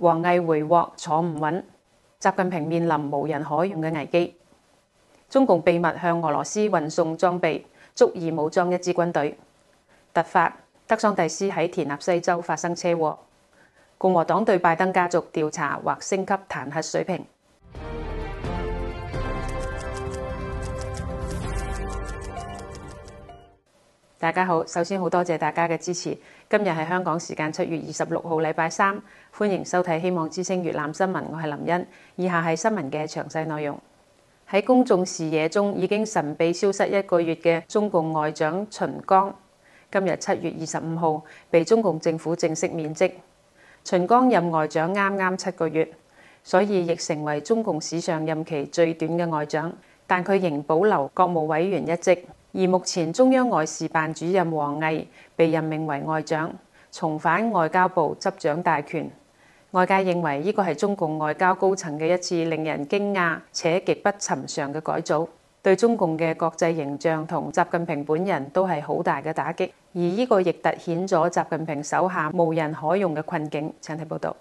王毅回鍋坐唔穩，習近平面臨無人可用嘅危機。中共秘密向俄羅斯運送裝備，足以武裝一支軍隊。突發，德桑蒂斯喺田納西州發生車禍。共和黨對拜登家族調查或升級彈劾水平。大家好，首先好多謝大家嘅支持。今日係香港時間七月二十六號，禮拜三。歡迎收睇《希望之聲》粵語新聞，我係林茵。以下係新聞嘅詳細內容。喺公眾視野中已經神秘消失一個月嘅中共外長秦剛，今日七月二十五號被中共政府正式免職。秦剛任外長啱啱七個月，所以亦成為中共史上任期最短嘅外長。但佢仍保留國務委員一職，而目前中央外事辦主任王毅被任命為外長，重返外交部執掌大權。外界認為呢個係中共外交高層嘅一次令人驚訝且極不尋常嘅改組，對中共嘅國際形象同習近平本人都係好大嘅打擊，而呢個亦突顯咗習近平手下無人可用嘅困境。請睇報道。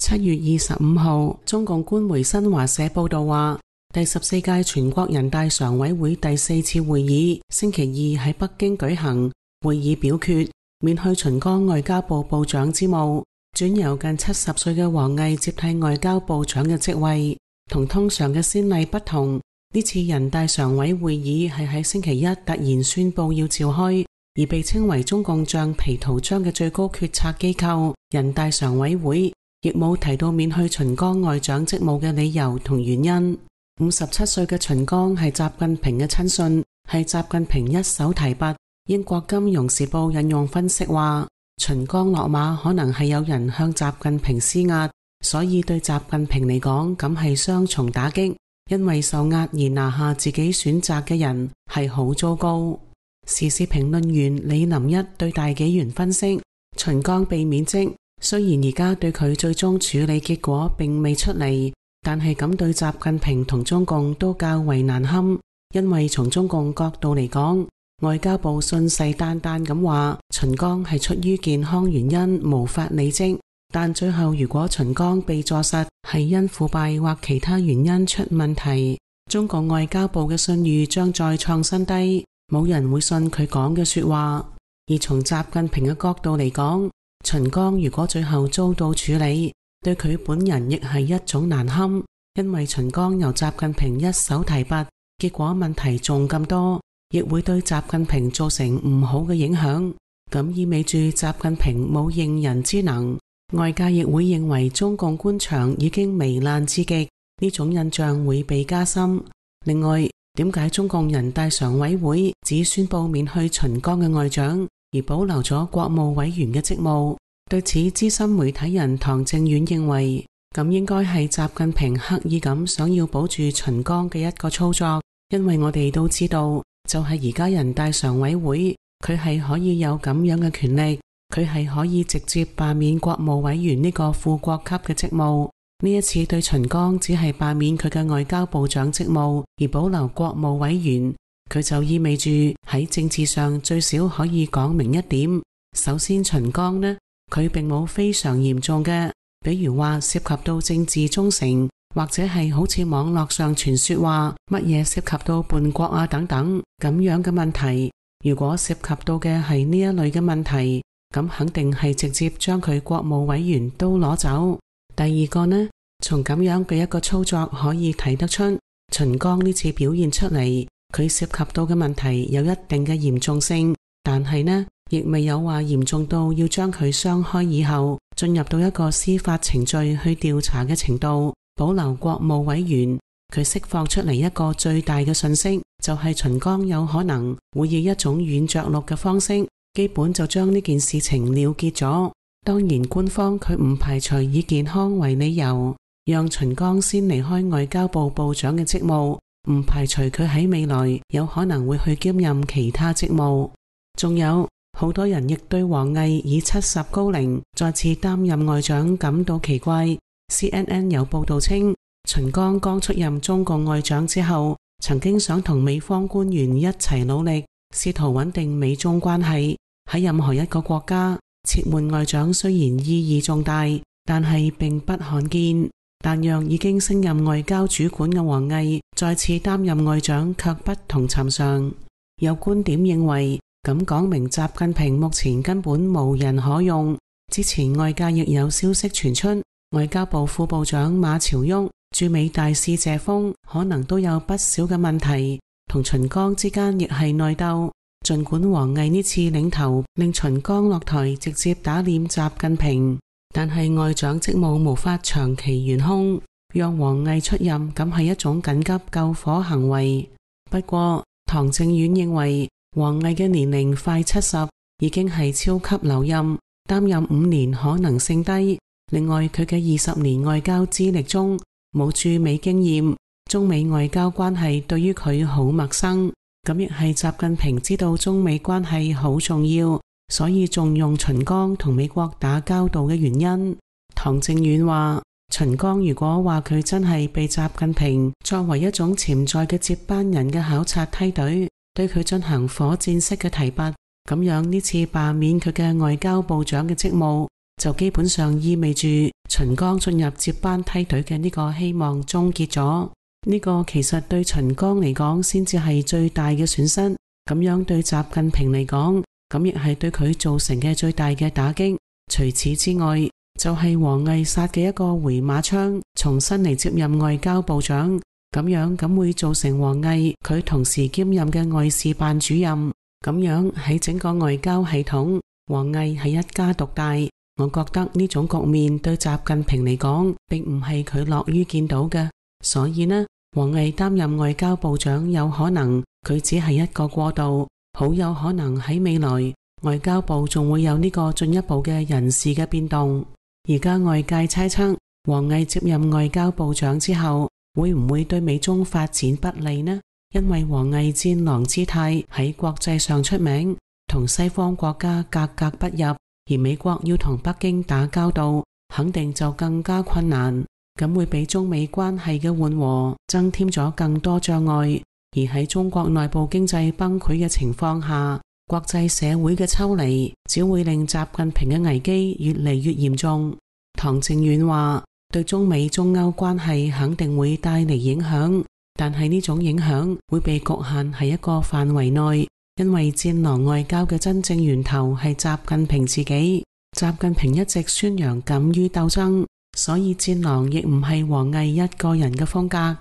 七月二十五號，中共官媒新華社報導話，第十四屆全國人大常委會第四次會議星期二喺北京舉行，會議表決免去秦剛外交部部長之務。轉由近七十歲嘅王毅接替外交部長嘅職位，同通常嘅先例不同。呢次人大常委會議係喺星期一突然宣布要召開，而被稱為中共橡皮圖章嘅最高決策機構人大常委會，亦冇提到免去秦剛外長職務嘅理由同原因。五十七歲嘅秦剛係習近平嘅親信，係習近平一手提拔。英國金融時報引用分析話。秦剛落馬可能係有人向習近平施壓，所以對習近平嚟講，咁係雙重打擊。因為受壓而拿下自己選擇嘅人係好糟糕。時事評論員李林一對大紀元分析：秦剛被免職，雖然而家對佢最終處理結果並未出嚟，但係咁對習近平同中共都較為難堪，因為從中共角度嚟講。外交部信誓旦旦咁話，秦剛係出於健康原因無法履職，但最後如果秦剛被坐實係因腐敗或其他原因出問題，中國外交部嘅信譽將再創新低，冇人會信佢講嘅說話。而從習近平嘅角度嚟講，秦剛如果最後遭到處理，對佢本人亦係一種難堪，因為秦剛由習近平一手提拔，結果問題仲咁多。亦會對習近平造成唔好嘅影響，咁意味住習近平冇應人之能，外界亦會認為中共官場已經糜爛至極，呢種印象會被加深。另外，點解中共人大常委會只宣布免去秦剛嘅外長，而保留咗國務委員嘅職務？對此，資深媒體人唐正遠認為，咁應該係習近平刻意咁想要保住秦剛嘅一個操作，因為我哋都知道。就係而家人大常委會，佢係可以有咁樣嘅權力，佢係可以直接罷免國務委員呢個副國級嘅職務。呢一次對秦剛只係罷免佢嘅外交部長職務，而保留國務委員，佢就意味住喺政治上最少可以講明一點。首先，秦剛呢，佢並冇非常嚴重嘅，比如話涉及到政治忠誠。或者係好似網絡上傳説話，乜嘢涉及到叛國啊等等咁樣嘅問題。如果涉及到嘅係呢一類嘅問題，咁肯定係直接將佢國務委員都攞走。第二個呢，從咁樣嘅一個操作可以睇得出，秦剛呢次表現出嚟，佢涉及到嘅問題有一定嘅嚴重性，但係呢亦未有話嚴重到要將佢雙開以後進入到一個司法程序去調查嘅程度。保留國務委員，佢釋放出嚟一個最大嘅訊息，就係秦剛有可能會以一種軟着陸嘅方式，基本就將呢件事情了結咗。當然，官方佢唔排除以健康為理由，讓秦剛先離開外交部部長嘅職務，唔排除佢喺未來有可能會去兼任其他職務。仲有好多人亦對王毅以七十高齡再次擔任外長感到奇怪。C N N 有報道稱，秦剛剛出任中共外長之後，曾經想同美方官員一齊努力，試圖穩定美中關係。喺任何一個國家，撤換外長雖然意義重大，但係並不罕見。但讓已經升任外交主管嘅王毅再次擔任外長，卻不同尋常。有觀點認為，咁講明習近平目前根本無人可用。之前外界亦有消息傳出。外交部副部長馬朝旭、駐美大使謝鋒可能都有不少嘅問題，同秦剛之間亦係內鬥。盡管王毅呢次領頭令秦剛落台，直接打臉習近平，但係外長職務無法長期懸空，讓王毅出任咁係一種緊急救火行為。不過，唐靖遠認為王毅嘅年齡快七十，已經係超級留任，擔任五年可能性低。另外，佢嘅二十年外交資歷中冇駐美經驗，中美外交關係對於佢好陌生。咁亦係習近平知道中美關係好重要，所以重用秦剛同美國打交道嘅原因。唐靖遠話：秦剛如果話佢真係被習近平作為一種潛在嘅接班人嘅考察梯隊，對佢進行火箭式嘅提拔，咁樣呢次罷免佢嘅外交部長嘅職務。就基本上意味住秦剛進入接班梯隊嘅呢個希望終結咗。呢個其實對秦剛嚟講，先至係最大嘅損失。咁樣對習近平嚟講，咁亦係對佢造成嘅最大嘅打擊。除此之外，就係王毅殺嘅一個回馬槍，重新嚟接任外交部長。咁樣咁會造成王毅佢同時兼任嘅外事辦主任。咁樣喺整個外交系統，王毅係一家獨大。我覺得呢種局面對習近平嚟講，並唔係佢樂於見到嘅，所以呢，王毅擔任外交部長，有可能佢只係一個過渡，好有可能喺未來外交部仲會有呢個進一步嘅人事嘅變動。而家外界猜測，王毅接任外交部長之後，會唔會對美中發展不利呢？因為王毅戰狼姿態喺國際上出名，同西方國家格格不入。而美國要同北京打交道，肯定就更加困難，咁會俾中美關係嘅緩和增添咗更多障礙。而喺中國內部經濟崩潰嘅情況下，國際社會嘅抽離只會令習近平嘅危機越嚟越嚴重。唐靖遠話，對中美中歐關係肯定會帶嚟影響，但係呢種影響會被局限喺一個範圍內。因為戰狼外交嘅真正源頭係習近平自己，習近平一直宣揚敢於鬥爭，所以戰狼亦唔係王毅一個人嘅風格。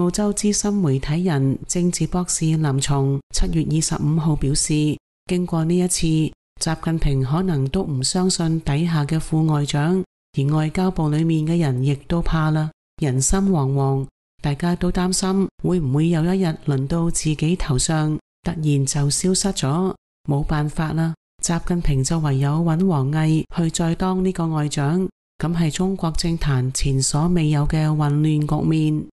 澳洲資深媒體人、政治博士林松七月二十五號表示，經過呢一次，習近平可能都唔相信底下嘅副外長，而外交部裏面嘅人亦都怕啦，人心惶惶，大家都擔心會唔會有一日輪到自己頭上。突然就消失咗，冇辦法啦，習近平就唯有搵王毅去再當呢個外長，咁係中國政壇前所未有嘅混亂局面。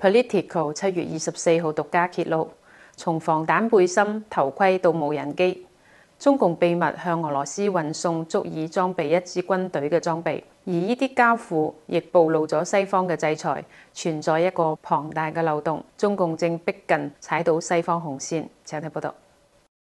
Political 七月二十四號獨家揭露，從防彈背心、頭盔到無人機。中共秘密向俄羅斯運送足以裝備一支軍隊嘅裝備，而呢啲交付亦暴露咗西方嘅制裁，存在一個龐大嘅漏洞。中共正逼近踩到西方紅線。請聽報道。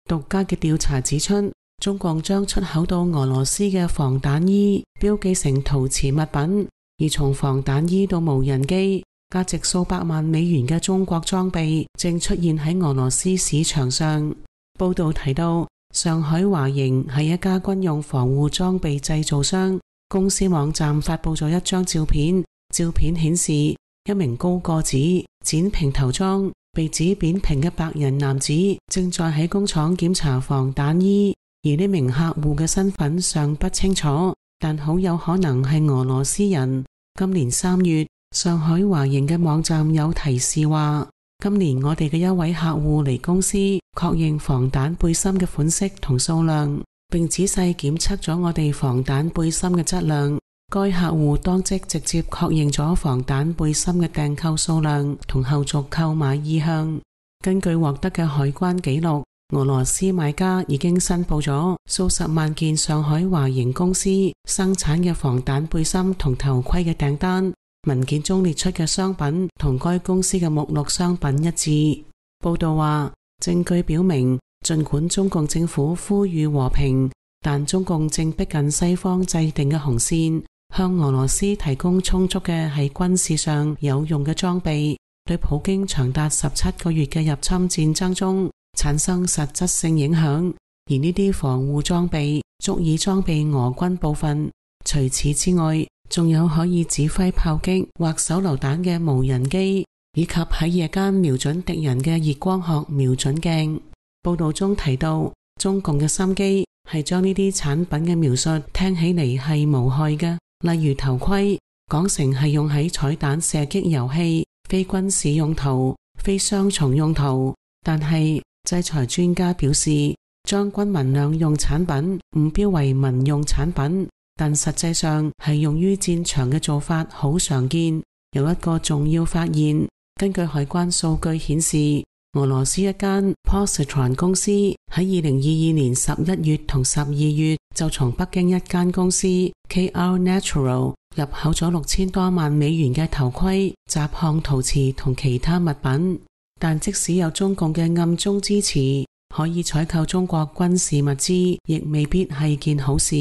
獨家嘅調查指出，中共將出口到俄羅斯嘅防彈衣標記成陶瓷物品，而從防彈衣到無人機，價值數百萬美元嘅中國裝備正出現喺俄羅斯市場上。報道提到。上海華盈係一家軍用防護裝備製造商。公司網站發佈咗一張照片，照片顯示一名高個子、剪平頭裝、鼻子扁平嘅白人男子正在喺工廠檢查防彈衣，而呢名客戶嘅身份尚不清楚，但好有可能係俄羅斯人。今年三月，上海華盈嘅網站有提示話。今年我哋嘅一位客戶嚟公司確認防彈背心嘅款式同數量，並仔細檢測咗我哋防彈背心嘅質量。該客戶當即直接確認咗防彈背心嘅訂購數量同後續購買意向。根據獲得嘅海關記錄，俄羅斯買家已經申報咗數十萬件上海華盈公司生產嘅防彈背心同頭盔嘅訂單。文件中列出嘅商品同該公司嘅目錄商品一致。報道話，證據表明，儘管中共政府呼籲和平，但中共正逼近西方制定嘅紅線，向俄羅斯提供充足嘅喺軍事上有用嘅裝備，對普京長達十七個月嘅入侵戰爭中產生實質性影響。而呢啲防護裝備足以裝備俄軍部分。除此之外，仲有可以指揮炮擊或手榴彈嘅無人機，以及喺夜間瞄準敵人嘅熱光學瞄準鏡。報道中提到，中共嘅心機係將呢啲產品嘅描述聽起嚟係無害嘅，例如頭盔講成係用喺彩彈射擊遊戲、非軍事用途、非雙重用途。但係制裁專家表示，將軍民兩用產品唔標為民用產品。但實際上係用於戰場嘅做法好常見。有一個重要發現，根據海關數據顯示，俄羅斯一間 Positron 公司喺二零二二年十一月同十二月就從北京一間公司 K R Natural 入口咗六千多萬美元嘅頭盔、雜項陶瓷同其他物品。但即使有中共嘅暗中支持，可以採購中國軍事物資，亦未必係件好事。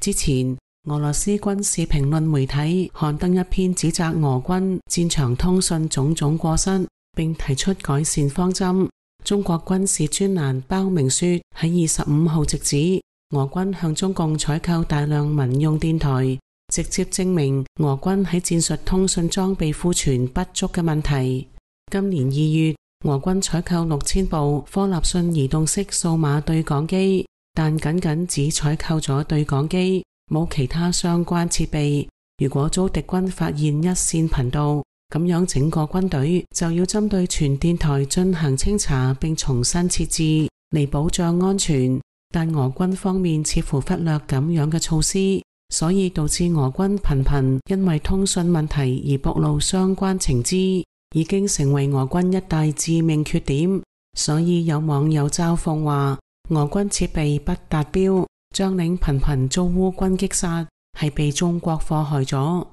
之前，俄羅斯軍事評論媒體刊登一篇指責俄軍戰場通訊種種過失，並提出改善方針。中國軍事專欄包明說喺二十五號直指，俄軍向中共採購大量民用電台，直接證明俄軍喺戰術通訊裝備庫存不足嘅問題。今年二月，俄軍採購六千部科立信移動式數碼對講機。但僅僅只採購咗對講機，冇其他相關設備。如果遭敵軍發現一線頻道，咁樣整個軍隊就要針對全電台進行清查並重新設置，嚟保障安全。但俄軍方面似乎忽略咁樣嘅措施，所以導致俄軍頻頻因為通訊問題而暴露相關情資，已經成為俄軍一大致命缺點。所以有網友嘲諷話。俄軍設備不達標，將領頻頻遭烏軍擊殺，係被中國火害咗。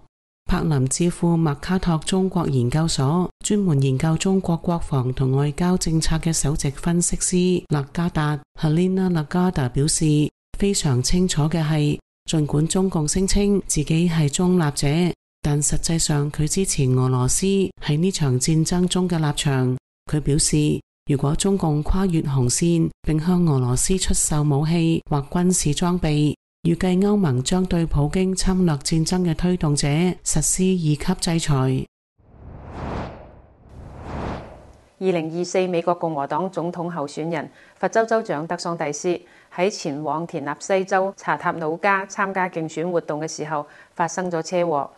柏林資富麥卡托中國研究所專門研究中國國防同外交政策嘅首席分析師勒加達 （Helena l e g 表示，非常清楚嘅係，儘管中共聲稱自己係中立者，但實際上佢支持俄羅斯喺呢場戰爭中嘅立場。佢表示。如果中共跨越紅線并向俄羅斯出售武器或軍事裝備，預計歐盟將對普京侵略戰爭嘅推動者實施二級制裁。二零二四美國共和黨總統候選人佛州州長德桑蒂斯喺前往田納西州查塔努加參加競選活動嘅時候發生咗車禍。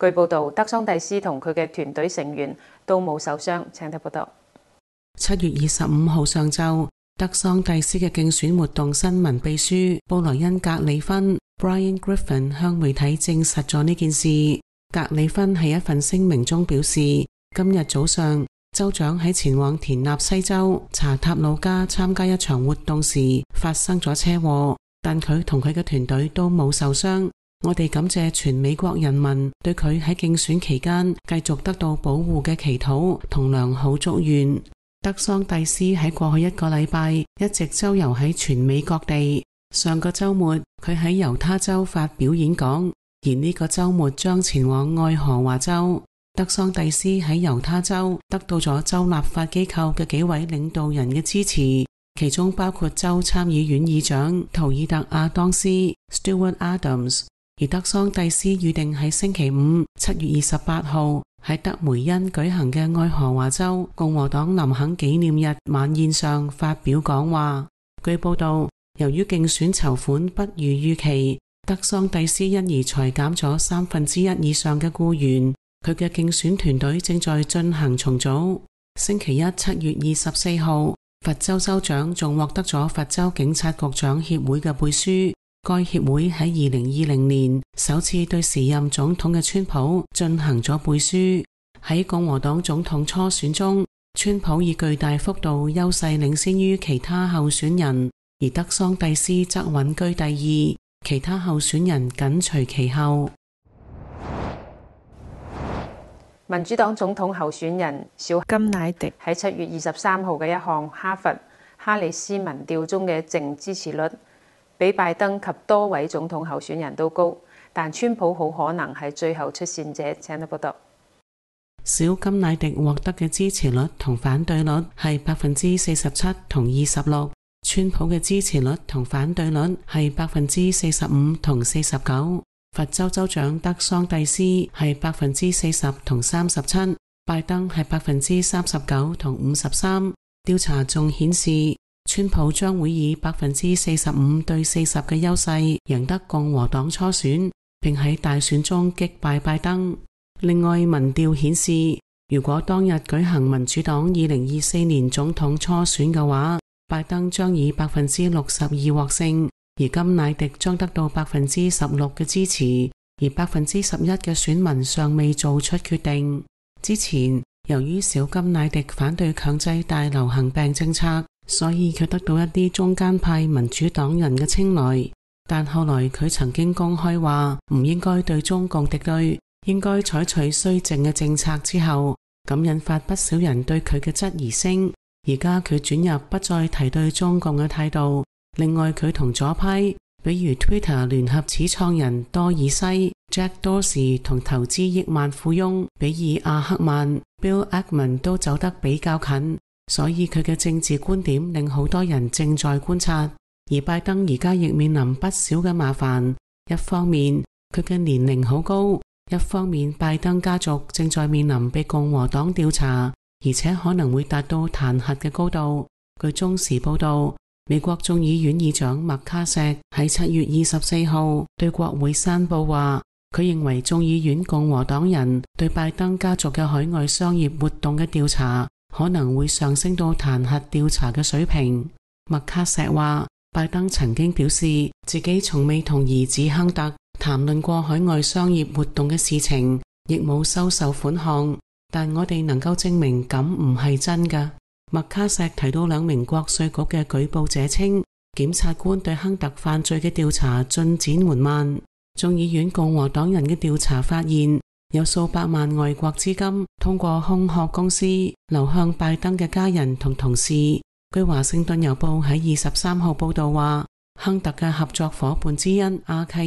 據報道，德桑蒂斯同佢嘅團隊成員都冇受傷。請睇報道。七月二十五號上晝，德桑蒂斯嘅競選活動新聞秘書布萊恩格里芬 （Brian Griffin） 向媒體證實咗呢件事。格里芬喺一份聲明中表示，今日早上州長喺前往田納西州查塔努加參加一場活動時發生咗車禍，但佢同佢嘅團隊都冇受傷。我哋感謝全美國人民對佢喺競選期間繼續得到保護嘅祈禱同良好祝願。德桑蒂斯喺過去一個禮拜一直周遊喺全美各地。上個周末佢喺猶他州發表演講，而呢個周末將前往愛荷華州。德桑蒂斯喺猶他州得到咗州立法機構嘅幾位領導人嘅支持，其中包括州參議院議長圖爾特·阿當斯 （Stewart Adams）。而德桑蒂斯預定喺星期五七月二十八號喺德梅恩舉行嘅愛荷華州共和黨林肯紀念日晚宴上發表講話。據報道，由於競選籌款不如預期，德桑蒂斯因而裁減咗三分之一以上嘅僱員。佢嘅競選團隊正在進行重組。星期一七月二十四號，佛州州長仲獲得咗佛州警察局長協會嘅背書。該協會喺二零二零年首次對時任總統嘅川普進行咗背書。喺共和黨總統初選中，川普以巨大幅度優勢領先於其他候選人，而德桑蒂斯則穩居第二，其他候選人緊隨其後。民主黨總統候選人小甘迺迪喺七月二十三號嘅一項哈佛哈里斯民調中嘅淨支持率，比拜登及多位總統候選人都高，但川普好可能係最後出線者。請多報道。小甘迺迪獲得嘅支持率同反對率係百分之四十七同二十六，川普嘅支持率同反對率係百分之四十五同四十九。佛州州長德桑蒂斯係百分之四十同三十七，拜登係百分之三十九同五十三。調查仲顯示。川普將會以百分之四十五對四十嘅優勢贏得共和黨初選，並喺大選中擊敗拜登。另外，民調顯示，如果當日舉行民主黨二零二四年總統初選嘅話，拜登將以百分之六十二獲勝，而甘迺迪將得到百分之十六嘅支持，而百分之十一嘅選民尚未做出決定。之前，由於小甘迺迪反對強制大流行病政策，所以佢得到一啲中間派民主黨人嘅青睞，但後來佢曾經公開話唔應該對中共敵對，應該採取綏靖嘅政策之後，咁引發不少人對佢嘅質疑聲。而家佢轉入不再提對中共嘅態度。另外佢同左派，比如 Twitter 聯合始創人多爾西 Jack Dorsey 同投資億萬富翁比爾阿克曼 Bill Ackman 都走得比較近。所以佢嘅政治觀點令好多人正在觀察，而拜登而家亦面臨不少嘅麻煩。一方面，佢嘅年齡好高；一方面，拜登家族正在面臨被共和黨調查，而且可能會達到彈劾嘅高度。據中時報道，美國眾議院議長麥卡錫喺七月二十四號對國會山報話，佢認為眾議院共和黨人對拜登家族嘅海外商業活動嘅調查。可能會上升到彈劾調查嘅水平。麥卡錫話拜登曾經表示自己從未同兒子亨特談論過海外商業活動嘅事情，亦冇收受款項，但我哋能夠證明咁唔係真嘅。麥卡錫提到兩名國稅局嘅舉報者稱檢察官對亨特犯罪嘅調查進展緩慢。眾議院共和黨人嘅調查發現。有數百萬外國資金通過空殼公司流向拜登嘅家人同同事。據《華盛頓郵報》喺二十三號報導話，亨特嘅合作伙伴之一阿契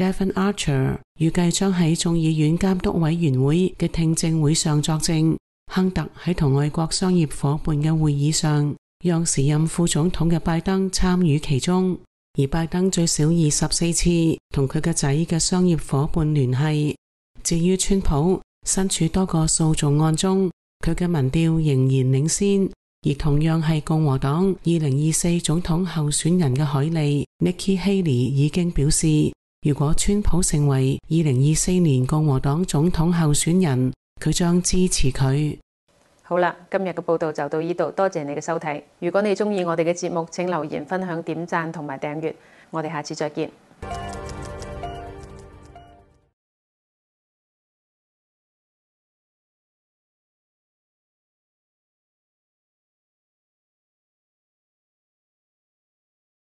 爾 （Devin Archer） 預計將喺眾議院監督委員會嘅聽證會上作證。亨特喺同外國商業伙伴嘅會議上，讓時任副總統嘅拜登參與其中，而拜登最少二十四次同佢個仔嘅商業伙伴聯繫。至於川普身處多個訴訟案中，佢嘅民調仍然領先，而同樣係共和黨二零二四總統候選人嘅海利 n i k k i Haley） 已經表示，如果川普成為二零二四年共和黨總統候選人，佢將支持佢。好啦，今日嘅報道就到呢度，多謝你嘅收睇。如果你中意我哋嘅節目，請留言分享、點贊同埋訂閱。我哋下次再見。